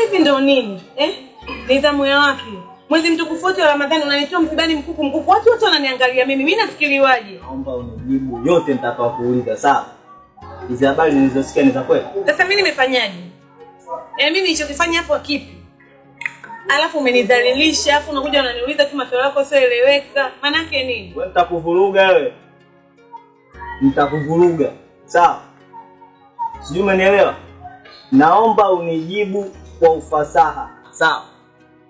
Hivi ndo nini eh? Nidhamu ya wapi? Mwezi mtukufu wote wa Ramadhani unanitoa msibani mkuku mkuku, watu wote wananiangalia mimi, mimi nafikiriwaje? Naomba unijibu yote nitakayokuuliza, sawa? Hizi habari nilizosikia ni za kweli? Sasa mimi nimefanyaje? Eh, mimi nilichokifanya hapo kipi? Alafu umenidhalilisha, alafu unakuja unaniuliza tu maswali yako eleweka. Maana yake nini? Wewe nitakuvuruga wewe. Nitakuvuruga. Sawa? Sijui umenielewa? Naomba unijibu kwa ufasaha. Sawa.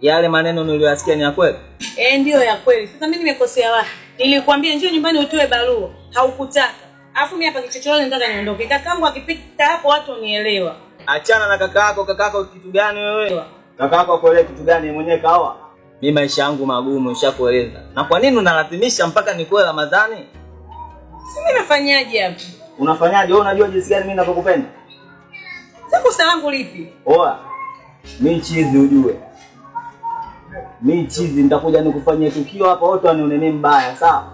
Yale maneno niliyoyasikia ni ya kweli? Eh, ndiyo ya kweli. Sasa mimi nimekosea wapi? Nilikwambia njoo nyumbani utoe barua, haukutaka. Alafu mimi hapa kichochoroni nataka niondoke. Kakaangu akipita hapo watu wanielewa Achana na kakaako, kakaako kitu gani wewe? Kakaako akuelewa kitu gani mwenyewe kawa? Mimi maisha yangu magumu nishakueleza. Na kwa nini unalazimisha mpaka nikuwe Ramadhani? Mimi nafanyaje hapo? Unafanyaje? Wewe unajua jinsi gani mimi ninakupenda? kosa langu lipi? Oa. Mimi chizi ujue. Mimi chizi nitakuja nikufanyia tukio hapa watu mimi mbaya, sawa?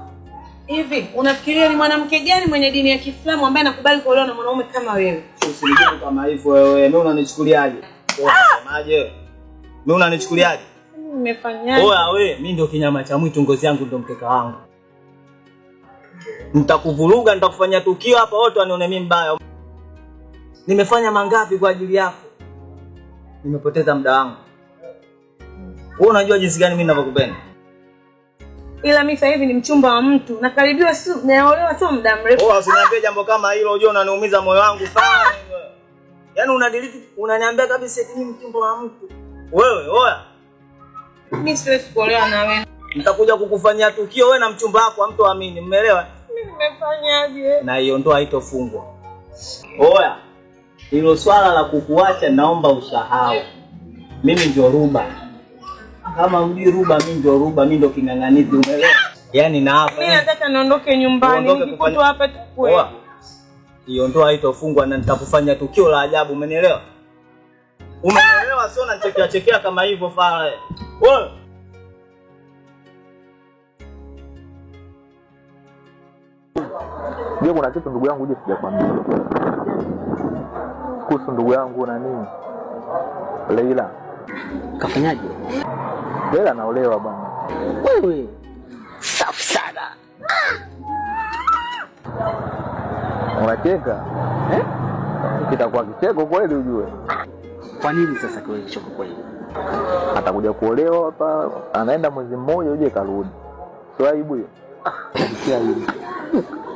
Hivi unafikiria ni mwanamke gani mwenye dini ya Kiislamu ambaye anakubali kuolewa na mwanaume kama wewe? Usinijibu kama hivyo wewe. Mimi unanichukuliaje? Ah! Unasemaje? Mimi unanichukuliaje? Nimefanyaje? Oa wewe, mimi ndio kinyama cha mwitu, ngozi yangu ndio mkeka wangu. Nitakuvuruga, nitakufanyia tukio hapa watu wanione mimi mbaya. Nimefanya mangapi kwa ajili yako? Nimepoteza muda wangu. Wewe unajua jinsi gani mimi ninavyokupenda. Ila mimi sasa hivi ni mchumba wa mtu, nakaribiwa, si naolewa, sio muda mrefu. Wewe oh, usiniambie jambo kama hilo, unajua unaniumiza moyo wangu sana. Ah! Yaani unadiliti unaniambia kabisa eti mimi mchumba wa mtu. Wewe, oya. Mimi siwezi kuolewa na wewe. Nitakuja kukufanyia tukio wewe na mchumba wako, mtu hamtoamini, mmeelewa? Mimi nimefanyaje? Na hiyo iondoa haitofungwa. Oya. Okay hilo swala la kukuacha naomba usahau. Mimi ndio Ruba, kama mjui Ruba, mimi ndio Ruba, mimi ndio king'ang'anizi, umeelewa? Yani na hapa mimi yaani. nataka niondoke nyumbani, nikikuta hapa tukue hiyo ndoa itofungwa na nitakufanya tukio la ajabu, umenielewa? Umeelewa? Sio nachekea chekea kama hivyo fala je, kuna kitu ndugu yangu, je, sijakwambia kuhusu ndugu yangu na nini Leila. Kafanyaje? Leila naolewa bwana. Wewe safi sana. Unacheka eh? Kitakuwa kicheko kweli, ujue kwa nini sasa kiwe kicheko kweli. Atakuja kuolewa hapa, anaenda mwezi mmoja, uje karudi. Sio aibu hiyo? Ah,